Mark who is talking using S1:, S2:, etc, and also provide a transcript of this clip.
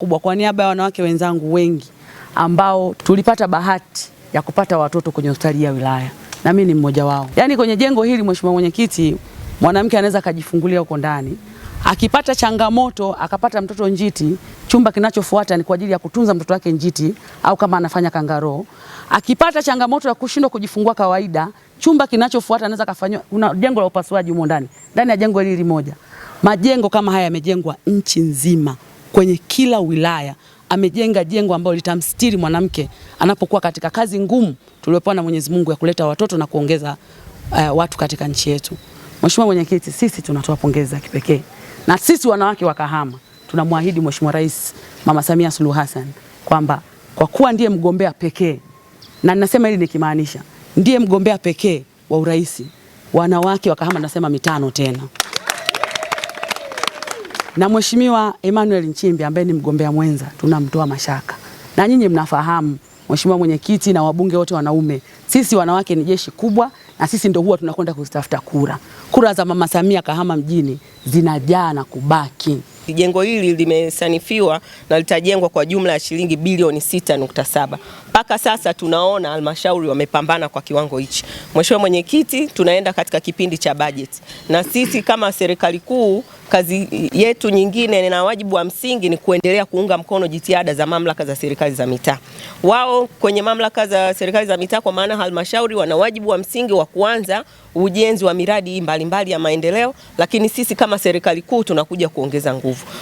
S1: kubwa kwa niaba ya wanawake wenzangu wengi ambao tulipata bahati ya kupata watoto kwenye hospitali ya wilaya na mimi ni mmoja wao. Yaani kwenye jengo hili Mheshimiwa Mwenyekiti, mwanamke anaweza akajifungulia huko ndani, akipata changamoto akapata mtoto njiti, chumba kinachofuata ni kwa ajili ya kutunza mtoto wake njiti au kama anafanya kangaroo. Akipata changamoto ya kushindwa kujifungua kawaida, chumba kinachofuata anaweza kafanywa, kuna jengo la upasuaji humo ndani, ndani ya jengo hili moja. Majengo kama haya yamejengwa nchi nzima kwenye kila wilaya amejenga jengo ambalo litamstiri mwanamke anapokuwa katika kazi ngumu tuliopewa na Mwenyezi Mungu ya kuleta watoto na kuongeza uh, watu katika nchi yetu. Mheshimiwa Mwenyekiti, sisi tunatoa pongezi za kipekee na sisi wanawake wa Kahama tunamwahidi Mheshimiwa Rais Mama Samia Suluhu Hassan kwamba kwa kuwa ndiye mgombea pekee, na ninasema hili nikimaanisha ndiye mgombea pekee wa urais, wanawake wa Kahama nasema mitano tena na Mheshimiwa Emmanuel Nchimbi ambaye ni mgombea mwenza tunamtoa mashaka, na nyinyi mnafahamu Mheshimiwa mwenyekiti na wabunge wote wanaume, sisi wanawake ni jeshi kubwa, na sisi ndio huwa tunakwenda kuzitafuta kura. Kura za mama Samia Kahama mjini zinajaa na kubaki.
S2: Jengo hili limesanifiwa na litajengwa kwa jumla ya shilingi bilioni 6.7. Mpaka sasa tunaona halmashauri wamepambana kwa kiwango hichi. Mheshimiwa mwenyekiti, tunaenda katika kipindi cha bajeti na sisi kama serikali kuu kazi yetu nyingine na wajibu wa msingi ni kuendelea kuunga mkono jitihada za mamlaka za serikali za mitaa. Wao kwenye mamlaka za serikali za mitaa, kwa maana halmashauri, wana wajibu wa msingi wa kuanza ujenzi wa miradi mbalimbali mbali ya maendeleo, lakini sisi kama serikali kuu tunakuja kuongeza nguvu.